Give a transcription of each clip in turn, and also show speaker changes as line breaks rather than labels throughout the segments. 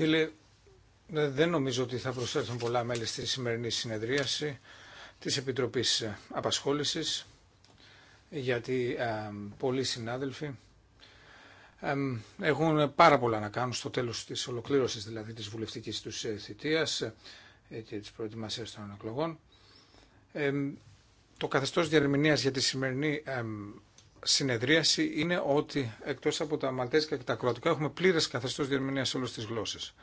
Φίλε, ναι, δεν νομίζω ότι θα προσθέσουν πολλά μέλη στη σημερινή συνεδρίαση της Επιτροπής Απασχόλησης, γιατί ε, πολλοί συνάδελφοι ε, έχουν πάρα πολλά να κάνουν στο τέλος της ολοκλήρωσης, δηλαδή της βουλευτικής τους ε, θητείας και της προετοιμασίας των εκλογών. το καθεστώς διαρμηνίας για τη σημερινή συνεδρίαση είναι ότι εκτός από τα μαλτέζικα και τα κροατικά έχουμε πλήρες καθεστώς διερμηνία σε όλες τις γλώσσες.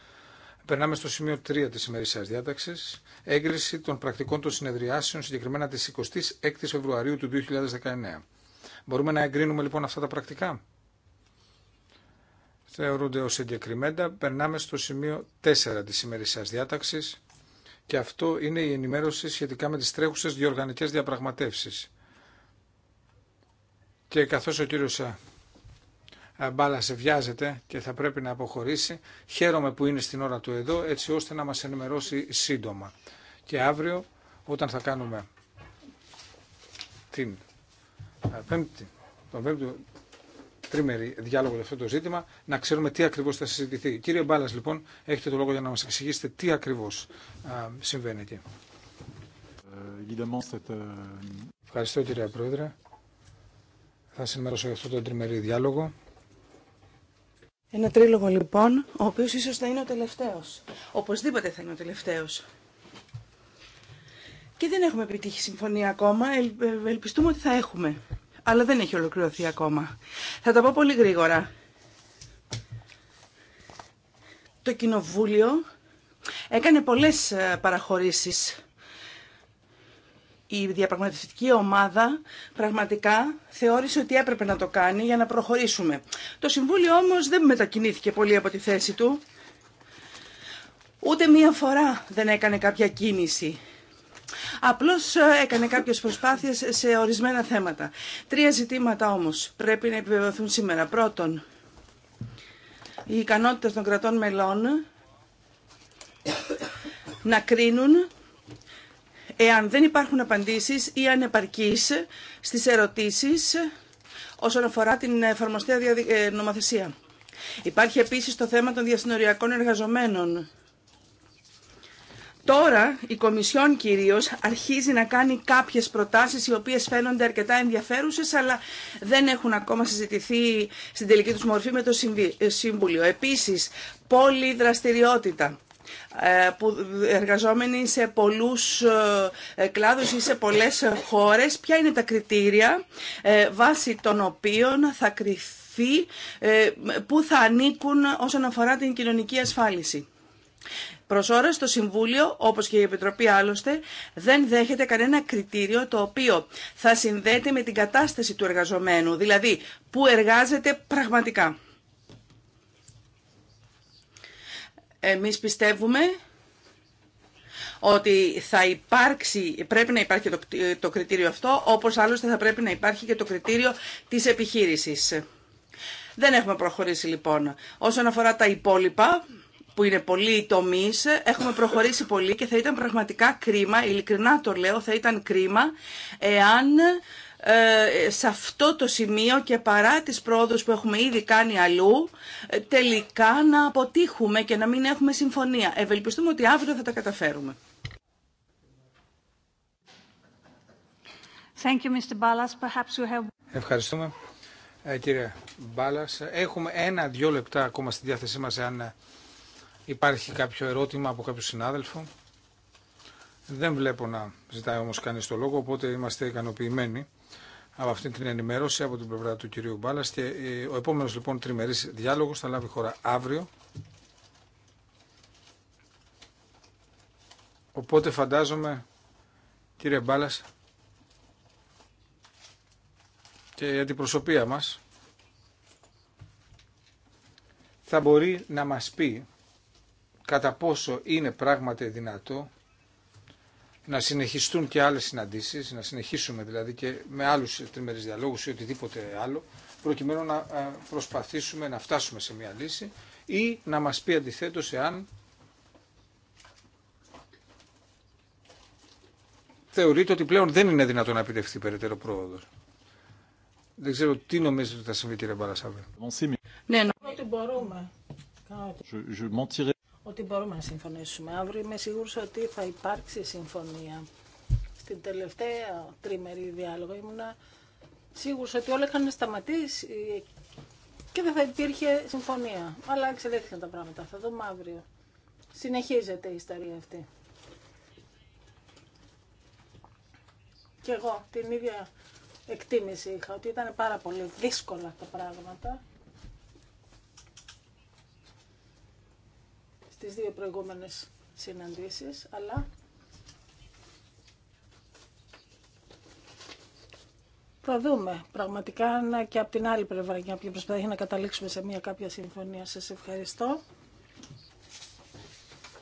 Περνάμε στο σημείο 3 της ημερήσιας διάταξης, έγκριση των πρακτικών των συνεδριάσεων συγκεκριμένα της 26 Φεβρουαρίου του 2019. Μπορούμε να εγκρίνουμε λοιπόν αυτά τα πρακτικά. Θεωρούνται ως εγκεκριμένα. Περνάμε στο σημείο 4 της ημερήσιας διάταξης και αυτό είναι η ενημέρωση σχετικά με τις τρέχουσες διοργανικές διαπραγματεύσεις και καθώς ο κύριος ε, ε, Μπάλα σε βιάζεται και θα πρέπει να αποχωρήσει, χαίρομαι που είναι στην ώρα του εδώ έτσι ώστε να μας ενημερώσει σύντομα. Και αύριο όταν θα κάνουμε την ε, πέμπτη, τον πέμπτη τρίμερη διάλογο για αυτό το ζήτημα, να ξέρουμε τι ακριβώ θα συζητηθεί. Κύριε Μπάλα, λοιπόν, έχετε το λόγο για να μα εξηγήσετε τι ακριβώ συμβαίνει εκεί. Ευχαριστώ, κύριε Πρόεδρε θα συνημερώσω για αυτό το τριμερή διάλογο.
Ένα τρίλογο λοιπόν, ο οποίος ίσως θα είναι ο
τελευταίος.
Οπωσδήποτε θα είναι ο τελευταίος. Και δεν έχουμε επιτύχει συμφωνία ακόμα, ε, ελπιστούμε ότι θα έχουμε. Αλλά δεν έχει ολοκληρωθεί ακόμα. Θα τα πω πολύ γρήγορα. Το Κοινοβούλιο έκανε πολλές ε, παραχωρήσεις η διαπραγματευτική ομάδα πραγματικά θεώρησε ότι έπρεπε να το κάνει για να προχωρήσουμε. Το Συμβούλιο όμως δεν μετακινήθηκε πολύ από τη θέση του. Ούτε μία φορά δεν έκανε κάποια κίνηση. Απλώς ε, έκανε κάποιες προσπάθειες σε ορισμένα θέματα. Τρία ζητήματα όμως πρέπει να επιβεβαιωθούν σήμερα. Πρώτον, η ικανότητα των κρατών μελών να κρίνουν εάν δεν υπάρχουν απαντήσεις ή ανεπαρκείς στις ερωτήσεις όσον αφορά την εφαρμοστέα ε, νομοθεσία. Υπάρχει επίσης το θέμα των διασυνοριακών εργαζομένων. Τώρα η Κομισιόν κυρίως αρχίζει να κάνει κάποιες προτάσεις οι οποίες φαίνονται αρκετά ενδιαφέρουσες αλλά δεν έχουν ακόμα συζητηθεί στην τελική τους μορφή με το Συμβούλιο. Ε, επίσης, πολυδραστηριότητα. Ε, που εργαζόμενοι σε πολλούς ε, κλάδους ή σε πολλές χώρες, ποια είναι τα κριτήρια ε, βάσει των οποίων θα κριθεί που θα ανήκουν όσον αφορά την κοινωνική ασφάλιση. Προς ώρα το Συμβούλιο, όπως και η Επιτροπή άλλωστε, δεν δέχεται κανένα κριτήριο το οποίο θα συνδέεται με την κατάσταση του εργαζομένου, δηλαδή που εργάζεται πραγματικά. Εμείς πιστεύουμε ότι θα υπάρξει, πρέπει να υπάρχει το, το κριτήριο αυτό, όπως άλλωστε θα πρέπει να υπάρχει και το κριτήριο της επιχείρησης. Δεν έχουμε προχωρήσει λοιπόν. Όσον αφορά τα υπόλοιπα, που είναι πολλοί τομεί, έχουμε προχωρήσει πολύ και θα ήταν πραγματικά κρίμα, ειλικρινά το λέω, θα ήταν κρίμα εάν ε, σε αυτό το σημείο και παρά τις πρόοδους που έχουμε ήδη κάνει αλλού ε, τελικά να αποτύχουμε και να μην έχουμε συμφωνία. Ευελπιστούμε ότι αύριο θα τα καταφέρουμε.
Thank you, Mr. Ballas. Perhaps have...
Ευχαριστούμε. Ε, κύριε Μπάλας, έχουμε ένα-δυο λεπτά ακόμα στη διάθεσή μας αν υπάρχει κάποιο ερώτημα από κάποιο συνάδελφο. Δεν βλέπω να ζητάει όμως κανείς το λόγο, οπότε είμαστε ικανοποιημένοι από αυτή την ενημέρωση από την πλευρά του κυρίου Μπάλλα. Και ε, ο επόμενο λοιπόν τριμερή διάλογο θα λάβει χώρα αύριο. Οπότε φαντάζομαι, κύριε Μπάλλα, και η αντιπροσωπεία μας θα μπορεί να μας πει κατά πόσο είναι πράγματι δυνατό να συνεχιστούν και άλλες συναντήσεις, να συνεχίσουμε δηλαδή και με άλλους τριμερείς διαλόγους ή οτιδήποτε άλλο, προκειμένου να ε, προσπαθήσουμε να φτάσουμε σε μια λύση ή να μας πει αντιθέτως εάν θεωρείται ότι πλέον δεν είναι δυνατόν να επιτευχθεί περαιτέρω πρόοδος. Δεν ξέρω τι νομίζετε ότι θα συμβεί κύριε Μπαρασάβε.
Ναι, νομίζω ότι μπορούμε ότι μπορούμε να συμφωνήσουμε. Αύριο είμαι σίγουρη ότι θα υπάρξει συμφωνία. Στην τελευταία τριμερή διάλογο ήμουνα σίγουρη ότι όλα είχαν σταματήσει και δεν θα υπήρχε συμφωνία. Αλλά εξελίχθηκαν τα πράγματα. Θα δούμε αύριο. Συνεχίζεται η ιστορία αυτή. Και εγώ την ίδια εκτίμηση είχα ότι ήταν πάρα πολύ δύσκολα τα πράγματα. τις δύο προηγούμενες συναντήσεις, αλλά θα δούμε πραγματικά και από την άλλη πλευρά και από την να καταλήξουμε σε μια κάποια συμφωνία. Σας ευχαριστώ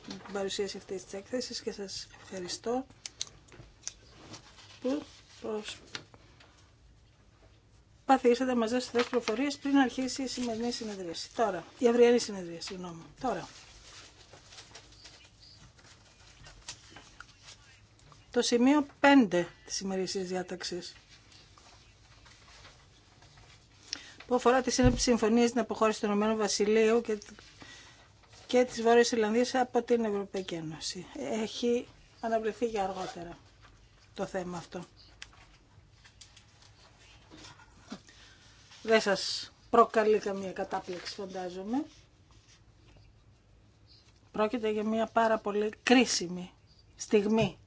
για την παρουσίαση αυτής της έκθεσης και σας ευχαριστώ που παθήσατε μαζί στις δώσετε προφορίες πριν αρχίσει η σημερινή συνεδρίαση. Τώρα, η αυριανή συνεδρίαση, συγγνώμη. Τώρα. το σημείο 5 της ημερήσιας διάταξης που αφορά τη συμφωνίες συμφωνίας στην αποχώρηση του Ηνωμένου Βασιλείου και, και της Βόρειας Ιρλανδίας από την Ευρωπαϊκή Ένωση. Έχει αναβληθεί για αργότερα το θέμα αυτό. Δεν σας προκαλεί καμία κατάπληξη φαντάζομαι. Πρόκειται για μια πάρα πολύ κρίσιμη στιγμή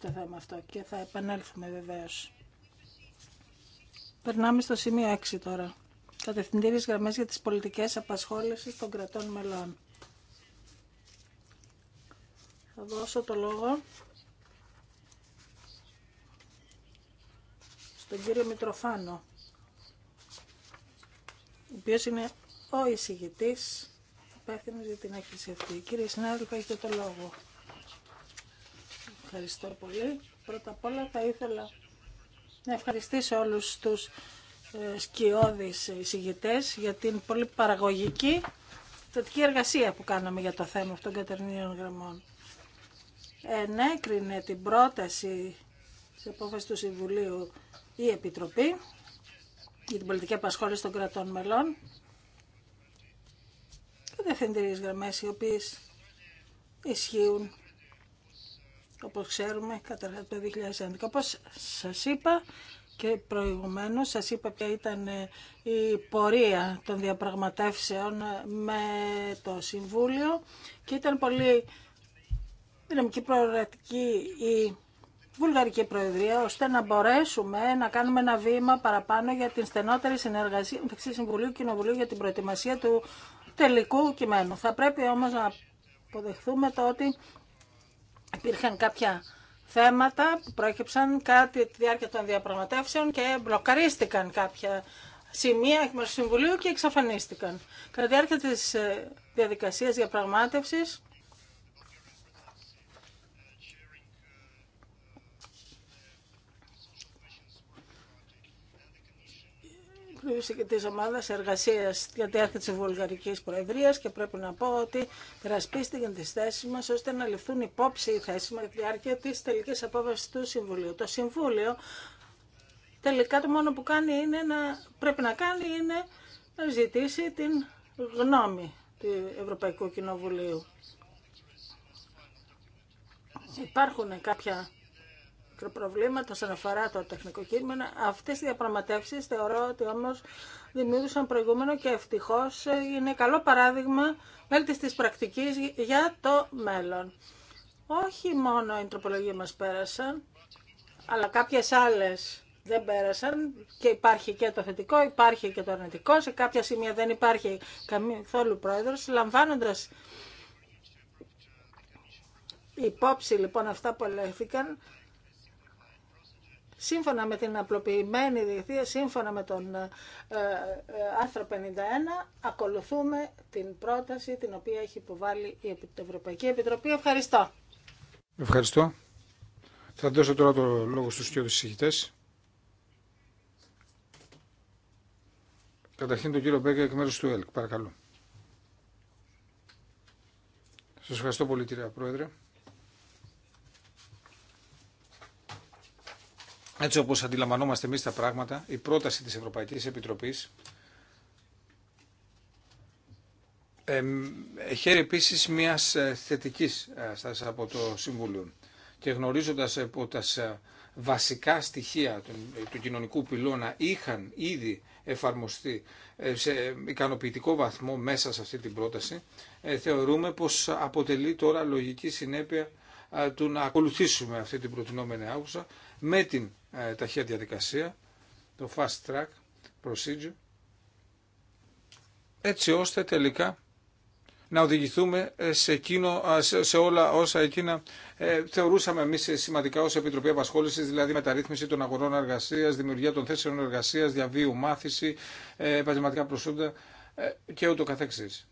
το θέμα αυτό και θα επανέλθουμε βεβαίως. Περνάμε στο σημείο 6 τώρα. Κατευθυντήριες γραμμές για τις πολιτικές απασχόλησης των κρατών μελών. Θα δώσω το λόγο στον κύριο Μητροφάνο, ο οποίος είναι ο εισηγητής υπεύθυνος για την έκθεση αυτή. Κύριε συνάδελφε, έχετε το λόγο. Ευχαριστώ πολύ. Πρώτα απ' όλα θα ήθελα να ευχαριστήσω όλους τους ε, σκιώδεις εισηγητές για την πολύ παραγωγική θετική εργασία που κάναμε για το θέμα αυτών των κατερνίων γραμμών. Ενέκρινε την πρόταση σε απόφαση του Συμβουλίου η Επιτροπή για την πολιτική απασχόληση των κρατών μελών και διευθυντηρίες γραμμές οι οποίες ισχύουν όπως ξέρουμε, καταρχάς το 2011. Όπως σας είπα και προηγουμένως, σας είπα ποια ήταν ε, η πορεία των διαπραγματεύσεων ε, με το Συμβούλιο και ήταν πολύ δυναμική προορατική η Βουλγαρική Προεδρία, ώστε να μπορέσουμε να κάνουμε ένα βήμα παραπάνω για την στενότερη συνεργασία μεταξύ Συμβουλίου και Κοινοβουλίου για την προετοιμασία του τελικού κειμένου. Θα πρέπει όμως να αποδεχθούμε το ότι Υπήρχαν κάποια θέματα που πρόκειψαν κάτι τη διάρκεια των διαπραγματεύσεων και μπλοκαρίστηκαν κάποια σημεία εκ μέρους του Συμβουλίου και εξαφανίστηκαν. Κατά τη διάρκεια της ε, διαδικασίας διαπραγμάτευσης και της ομάδας εργασίας για τη διάρκεια της και πρέπει να πω ότι περασπίστηκαν τι θέσει μα ώστε να ληφθούν υπόψη οι θέσει μας για τη διάρκεια τη τελική απόφαση του Συμβουλίου. Το Συμβούλιο τελικά το μόνο που κάνει είναι να, πρέπει να κάνει είναι να ζητήσει την γνώμη του Ευρωπαϊκού Κοινοβουλίου. Υπάρχουν κάποια προβλήματα όσον αφορά το τεχνικό κείμενο. Αυτές οι διαπραγματεύσεις θεωρώ ότι όμως δημιούργησαν προηγούμενο και ευτυχώς είναι καλό παράδειγμα της πρακτικής για το μέλλον. Όχι μόνο οι τροπολογίες μας πέρασαν, αλλά κάποιες άλλες δεν πέρασαν και υπάρχει και το θετικό, υπάρχει και το αρνητικό. Σε κάποια σημεία δεν υπάρχει καθόλου πρόεδρο. Λαμβάνοντα υπόψη λοιπόν αυτά που ελέγχθηκαν, σύμφωνα με την απλοποιημένη δικτύα, σύμφωνα με τον ε, ε άρθρο 51, ακολουθούμε την πρόταση την οποία έχει υποβάλει η Ευρωπαϊκή Επιτροπή. Ευχαριστώ.
Ευχαριστώ. Θα δώσω τώρα το λόγο στους κύριους συζητητές. Καταρχήν τον κύριο Μπέγκα εκ μέρους του ΕΛΚ. Παρακαλώ. Σας ευχαριστώ πολύ κύριε Πρόεδρε. Έτσι όπως αντιλαμβανόμαστε εμείς τα πράγματα, η πρόταση της Ευρωπαϊκής Επιτροπής χαίρει επίσης μιας ε, θετική ε, στάση από το Συμβούλιο και γνωρίζοντα από ε, τα βασικά στοιχεία του κοινωνικού πυλώνα είχαν ήδη εφαρμοστεί σε ικανοποιητικό βαθμό μέσα σε αυτή την πρόταση, θεωρούμε πως αποτελεί τώρα λογική συνέπεια του να ακολουθήσουμε αυτή την προτινόμενη άγουσα με την ε, ταχεία διαδικασία, το fast track procedure, έτσι ώστε τελικά να οδηγηθούμε ε, σε, εκείνο, σε όλα όσα εκείνα ε, θεωρούσαμε εμεί σημαντικά ω Επιτροπή Απασχόληση, δηλαδή μεταρρύθμιση των αγορών εργασία, δημιουργία των θέσεων εργασία, διαβίου μάθηση, ε, επαγγελματικά προσόντα και ούτω καθεξής.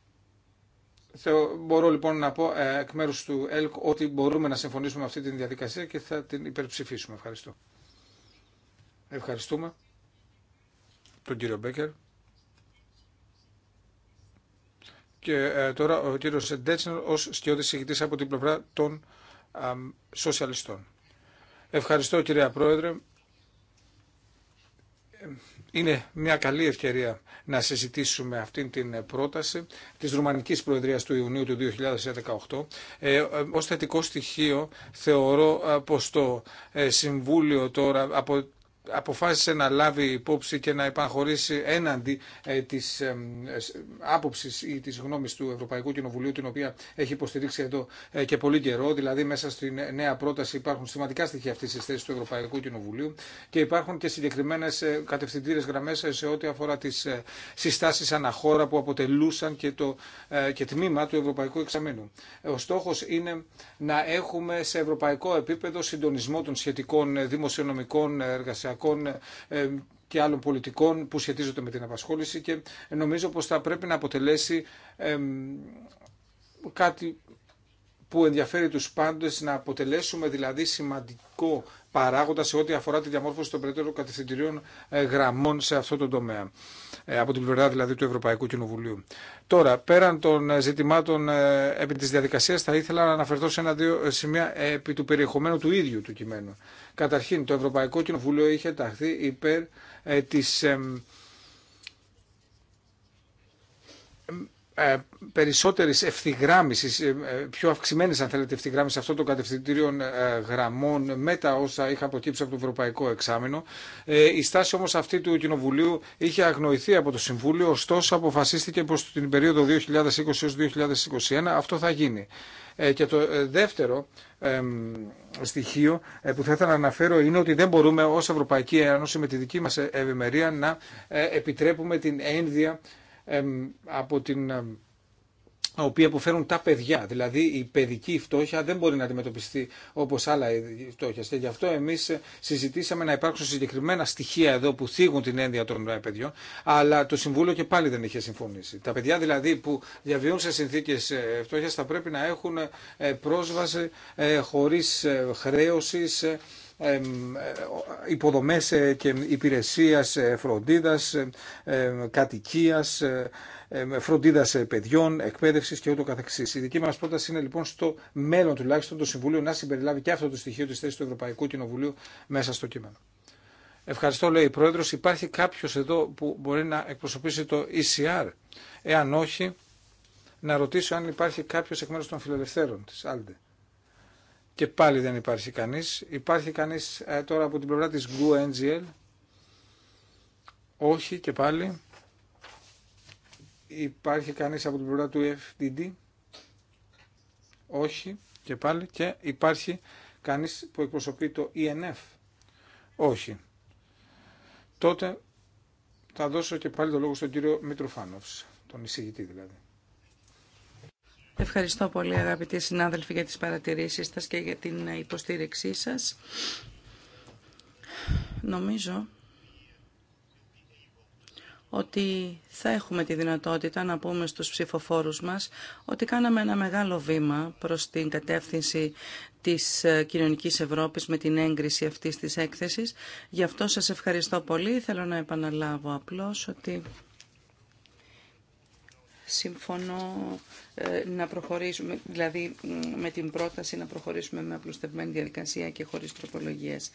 Θεω, μπορώ λοιπόν να πω ε, εκ μέρου του ΕΛΚ ότι μπορούμε να συμφωνήσουμε με αυτή τη διαδικασία και θα την υπερψηφίσουμε. Ευχαριστώ. Ευχαριστούμε τον κύριο Μπέκερ. Και ε, τώρα ο κύριο Ντέτσνερ ως σκιώδη ηγητή από την πλευρά των σοσιαλιστών. Ευχαριστώ κυρία Πρόεδρε είναι μια καλή ευκαιρία να συζητήσουμε αυτή την πρόταση της Ρουμανικής Προεδρίας του Ιουνίου του 2018. Ε, ε, ως θετικό στοιχείο θεωρώ ε, πως το ε, Συμβούλιο τώρα από αποφάσισε να λάβει υπόψη και να επαγχωρήσει έναντι ε, της ε, άποψης ή της γνώμης του Ευρωπαϊκού Κοινοβουλίου την οποία έχει υποστηρίξει εδώ ε, και πολύ καιρό. Δηλαδή μέσα στην νέα πρόταση υπάρχουν σημαντικά στοιχεία αυτής της θέσης του Ευρωπαϊκού Κοινοβουλίου και υπάρχουν και συγκεκριμένες κατευθυντήρες γραμμές σε ό,τι αφορά τις συστάσεις αναχώρα που αποτελούσαν και, το, και τμήμα του Ευρωπαϊκού Εξαμήνου. Ο στόχος είναι να έχουμε σε ευρωπαϊκό επίπεδο συντονισμό των σχετικών δημοσιονομικών εργασιακών ε, και άλλων πολιτικών που σχετίζονται με την απασχόληση και νομίζω πως θα πρέπει να αποτελέσει κάτι που ενδιαφέρει τους πάντες να αποτελέσουμε δηλαδή σημαντικό παράγοντα σε ό,τι αφορά τη διαμόρφωση των περαιτέρω κατευθυντηρίων ε, γραμμών σε αυτό το τομέα. Ε, από την πλευρά δηλαδή του Ευρωπαϊκού Κοινοβουλίου. Τώρα, πέραν των ε, ζητημάτων επί τη διαδικασία, θα ήθελα να αναφερθώ σε ένα-δύο σημεία επί του περιεχομένου του ίδιου του κειμένου. Καταρχήν, το Ευρωπαϊκό Κοινοβούλιο είχε ταχθεί υπέρ τη ε, Περισσότερη ευθυγράμμισης, ε, ε, πιο αυξημένη αν θέλετε ευθυγράμμιση αυτών των κατευθυντήριων γραμμών με τα όσα είχα αποκύψει από το Ευρωπαϊκό Εξάμεινο. Η στάση όμως αυτή του Κοινοβουλίου είχε αγνοηθεί από το Συμβούλιο, ωστόσο αποφασίστηκε πως την περίοδο 2020 2021 αυτό θα γίνει. Και το δεύτερο στοιχείο που θα ήθελα να αναφέρω είναι ότι δεν μπορούμε ως Ευρωπαϊκή Ένωση με τη δική μας ευημερία να επιτρέπουμε την ένδια από την οποία αποφέρουν τα παιδιά. Δηλαδή η παιδική φτώχεια δεν μπορεί να αντιμετωπιστεί όπω άλλα ε, φτώχεια. Και γι' αυτό εμεί ε, συζητήσαμε να υπάρξουν συγκεκριμένα στοιχεία εδώ που θίγουν την ένδια των ε, παιδιών, αλλά το Συμβούλιο και πάλι δεν είχε συμφωνήσει. Τα παιδιά δηλαδή που διαβιούν σε συνθήκε φτώχεια θα πρέπει να έχουν πρόσβαση χωρί χρέωση ε, υποδομές ε, και υπηρεσίας ε, φροντίδας, κατοικίας, φροντίδα παιδιών, εκπαίδευση και ούτω καθεξής. Η δική μα πρόταση είναι λοιπόν στο μέλλον τουλάχιστον το Συμβουλίο να συμπεριλάβει και αυτό το στοιχείο τη θέση του Ευρωπαϊκού Κοινοβουλίου μέσα στο κείμενο. Ευχαριστώ, λέει η Πρόεδρο. Υπάρχει κάποιο εδώ που μπορεί να εκπροσωπήσει το ECR. Εάν όχι, να ρωτήσω αν υπάρχει κάποιο εκ μέρου των φιλελευθέρων τη Άλντε. Και πάλι δεν υπάρχει κανείς. Υπάρχει κανείς ε, τώρα από την πλευρά της NGL, Όχι και πάλι. Υπάρχει κανείς από την πλευρά του FDD. Όχι και πάλι. Και υπάρχει κανείς που εκπροσωπεί το ENF. Όχι. Τότε θα δώσω και πάλι το λόγο στον κύριο Μητροφάνοφ, τον εισηγητή δηλαδή.
Ευχαριστώ πολύ αγαπητοί συνάδελφοι για τις παρατηρήσεις σας και για την υποστήριξή σας. Νομίζω ότι θα έχουμε τη δυνατότητα να πούμε στους ψηφοφόρους μας ότι κάναμε ένα μεγάλο βήμα προς την κατεύθυνση της κοινωνικής Ευρώπης με την έγκριση αυτής της έκθεσης. Γι' αυτό σας ευχαριστώ πολύ. Θέλω να επαναλάβω απλώς ότι συμφωνώ ε, να προχωρήσουμε, δηλαδή με την πρόταση να προχωρήσουμε με απλουστευμένη διαδικασία και χωρίς τροπολογίες.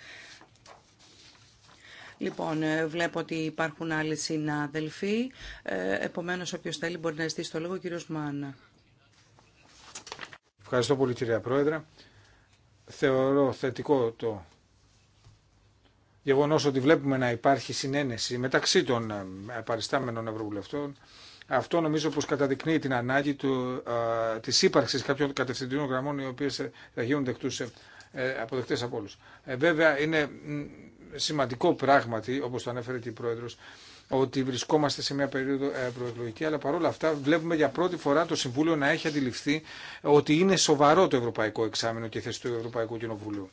Λοιπόν, ε, βλέπω ότι υπάρχουν άλλοι συνάδελφοι. Ε, επομένως, όποιος θέλει μπορεί να ζητήσει το λόγο, Κύριο κύριος Μάνα.
Ευχαριστώ πολύ, κυρία Πρόεδρε. Θεωρώ θετικό το γεγονός ότι βλέπουμε να υπάρχει συνένεση μεταξύ των παριστάμενων ευρωβουλευτών αυτό νομίζω πως καταδεικνύει την ανάγκη του, α, της ύπαρξης κάποιων κατευθυντήριων γραμμών οι οποίες ε, θα γίνουν δεκτούς, ε, ε, αποδεκτές από όλους. Ε, βέβαια είναι σημαντικό πράγματι, όπως το ανέφερε και η Πρόεδρος, ότι βρισκόμαστε σε μια περίοδο ε, προεκλογική, αλλά παρόλα αυτά βλέπουμε για πρώτη φορά το Συμβούλιο να έχει αντιληφθεί ότι είναι σοβαρό το Ευρωπαϊκό Εξάμεινο και η θέση του Ευρωπαϊκού Κοινοβουλίου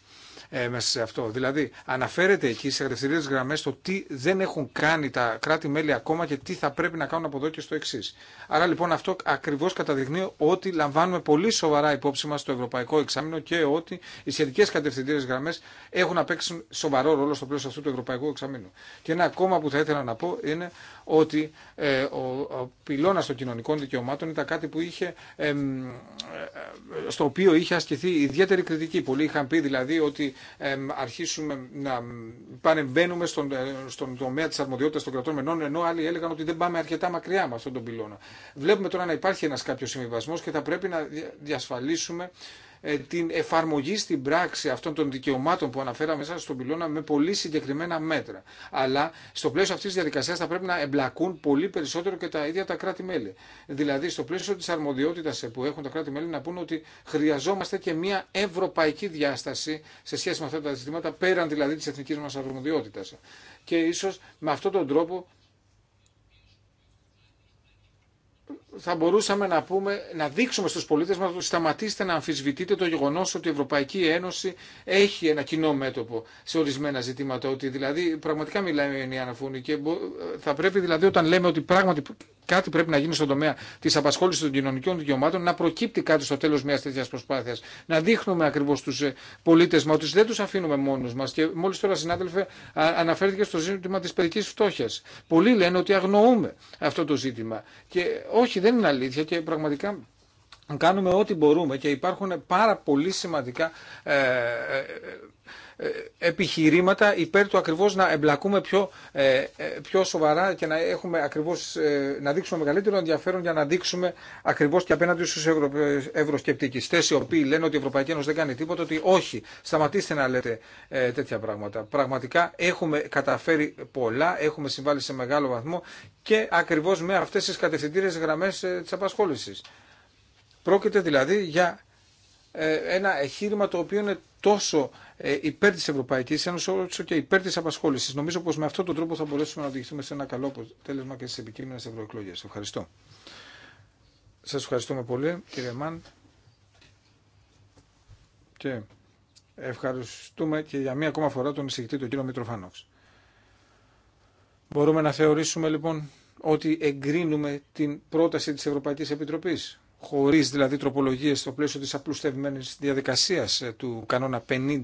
ε, μέσα σε αυτό. Δηλαδή, αναφέρεται εκεί σε αριστερέ γραμμέ το τι δεν έχουν κάνει τα κράτη-μέλη ακόμα και τι θα πρέπει να κάνουν από εδώ και στο εξή. Άρα λοιπόν αυτό ακριβώ καταδεικνύει ότι λαμβάνουμε πολύ σοβαρά υπόψη μα το Ευρωπαϊκό Εξάμεινο και ότι οι σχετικέ κατευθυντήριε γραμμέ έχουν να παίξουν σοβαρό ρόλο στο πλαίσιο αυτού του Ευρωπαϊκού Εξαμεινού. Και ένα ακόμα που θα ήθελα να πω είναι ότι ε, ο, ο πυλώνα των κοινωνικών δικαιωμάτων ήταν κάτι που είχε, ε, ε, στο οποίο είχε ασκηθεί ιδιαίτερη κριτική. Πολλοί είχαν πει δηλαδή ότι αρχίσουμε να παρεμβαίνουμε στον, ε, στον τομέα τη αρμοδιότητα των κρατών μενών, ενώ άλλοι έλεγαν ότι δεν πάμε αρκετά μακριά με αυτόν τον πυλώνα. Βλέπουμε τώρα να υπάρχει ένα κάποιο συμβιβασμό και θα πρέπει να διασφαλίσουμε ε, την εφαρμογή στην πράξη αυτών των δικαιωμάτων που αναφέραμε σας στον πυλώνα με πολύ συγκεκριμένα μέτρα. Αλλά στο πλαίσιο αυτή τη διαδικασία θα πρέπει να εμπλακούν πολύ περισσότερο και τα ίδια τα κράτη-μέλη. Δηλαδή, στο πλαίσιο τη αρμοδιότητα ε, που έχουν τα κράτη-μέλη να πούν ότι χρειαζόμαστε και μια ευρωπαϊκή διάσταση σε σχέση με αυτά τα ζητήματα, πέραν δηλαδή τη εθνική μα αρμοδιότητα. Και ίσω με αυτόν τον τρόπο θα μπορούσαμε να, πούμε, να δείξουμε στους πολίτες μας ότι σταματήστε να αμφισβητείτε το γεγονός ότι η Ευρωπαϊκή Ένωση έχει ένα κοινό μέτωπο σε ορισμένα ζητήματα, ότι δηλαδή πραγματικά μιλάμε η ενιαία αναφούνη και θα πρέπει δηλαδή όταν λέμε ότι πράγματι κάτι πρέπει να γίνει στον τομέα τη απασχολήση των κοινωνικών δικαιωμάτων να προκύπτει κάτι στο τέλο μια τέτοια προσπάθεια. Να δείχνουμε ακριβώ στους ε, πολίτε μα ότι δεν του αφήνουμε μόνου μα. και μόλι τώρα συνάδελφε αναφέρθηκε στο ζήτημα τη παιδική φτώχεια. Πολλοί λένε ότι αγνοούμε αυτό το ζήτημα και όχι είναι αλήθεια και πραγματικά κάνουμε ό,τι μπορούμε και υπάρχουν πάρα πολύ σημαντικά ε, ε, ε, επιχειρήματα υπέρ του ακριβώς να εμπλακούμε πιο, πιο σοβαρά και να, έχουμε ακριβώς, να δείξουμε μεγαλύτερο ενδιαφέρον για να δείξουμε ακριβώς και απέναντι στους ευρωσκεπτικιστές οι οποίοι λένε ότι η Ευρωπαϊκή Ένωση δεν κάνει τίποτα, ότι όχι, σταματήστε να λέτε τέτοια πράγματα. Πραγματικά έχουμε καταφέρει πολλά, έχουμε συμβάλει σε μεγάλο βαθμό και ακριβώς με αυτές τις κατευθυντήρες γραμμές της απασχόλησης. Πρόκειται δηλαδή για ε, ένα εγχείρημα το οποίο είναι τόσο ε, υπέρ τη Ευρωπαϊκή Ένωση όσο και υπέρ τη Απασχόληση. Νομίζω πω με αυτόν τον τρόπο θα μπορέσουμε να οδηγηθούμε σε ένα καλό αποτέλεσμα και στις επικείμενε ευρωεκλογέ. Ευχαριστώ. Σα ευχαριστούμε πολύ κύριε Μαν και ευχαριστούμε και για μία ακόμα φορά τον εισηγητή τον κύριο Μητροφάνοξ. Μπορούμε να θεωρήσουμε λοιπόν ότι εγκρίνουμε την πρόταση της Ευρωπαϊκής Επιτροπής χωρίς δηλαδή τροπολογίες στο πλαίσιο της απλουστευμένης διαδικασίας ε, του κανόνα 50,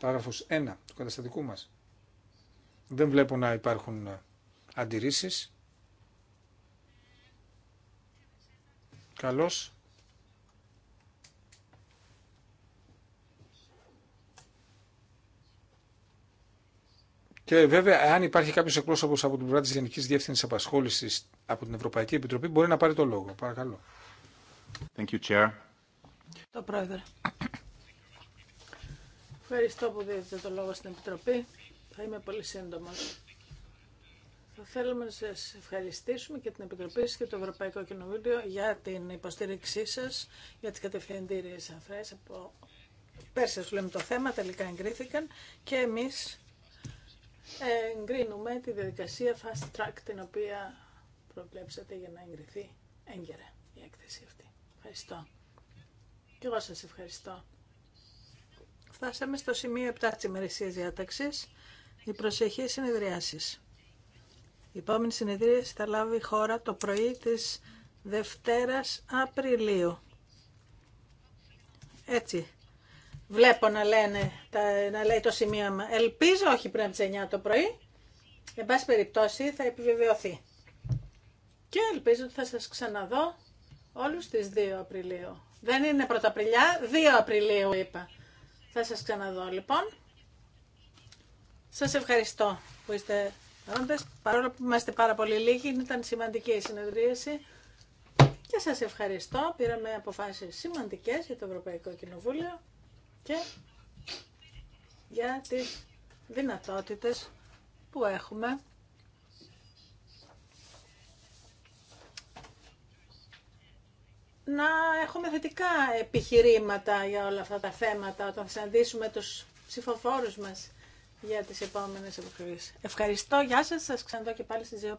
παράγραφος 1 του καταστατικού μας. Δεν βλέπω να υπάρχουν ε, αντιρρήσεις. Καλώς. Και βέβαια, αν υπάρχει κάποιο εκπρόσωπο από την πλευρά τη Γενική Διεύθυνση Απασχόληση από την Ευρωπαϊκή Επιτροπή, μπορεί να πάρει το λόγο. Παρακαλώ.
Thank you, Chair.
Το πρόεδρε. Ευχαριστώ που δίνετε το λόγο στην Επιτροπή. Θα είμαι πολύ σύντομο. Θα θέλουμε να σας ευχαριστήσουμε και την Επιτροπή και το Ευρωπαϊκό Κοινοβούλιο για την υποστήριξή σας, για τις κατευθυντήριες αφρές. Από... Πέρσι σου λέμε το θέμα, τελικά εγκρίθηκαν και εμείς εγκρίνουμε τη διαδικασία fast track την οποία προβλέψατε για να εγκριθεί έγκαιρα η έκθεση αυτή. Ευχαριστώ. Και εγώ σας ευχαριστώ. Φτάσαμε στο σημείο 7 της ημερησίας διάταξης, η προσεχή συνεδριάσεις. Η επόμενη συνεδρίαση θα λάβει χώρα το πρωί της Δευτέρας Απριλίου. Έτσι. Βλέπω να, λένε, να λέει το μα. Ελπίζω όχι πριν από τι 9 το πρωί. Εν πάση περιπτώσει θα επιβεβαιωθεί. Και ελπίζω ότι θα σας ξαναδώ Όλους τις 2 Απριλίου. Δεν είναι Πρωταπριλιά, 2 Απριλίου είπα. Θα σας ξαναδώ λοιπόν. Σας ευχαριστώ που είστε παρόντες. Παρόλο που είμαστε πάρα πολύ λίγοι, ήταν σημαντική η συνεδρίαση. Και σας ευχαριστώ. Πήραμε αποφάσεις σημαντικές για το Ευρωπαϊκό Κοινοβούλιο και για τις δυνατότητες που έχουμε να έχουμε θετικά επιχειρήματα για όλα αυτά τα θέματα όταν θα συναντήσουμε τους ψηφοφόρους μας για τις επόμενες εποχές. Ευχαριστώ. Γεια σας. Σας ξαναδώ και πάλι στις 2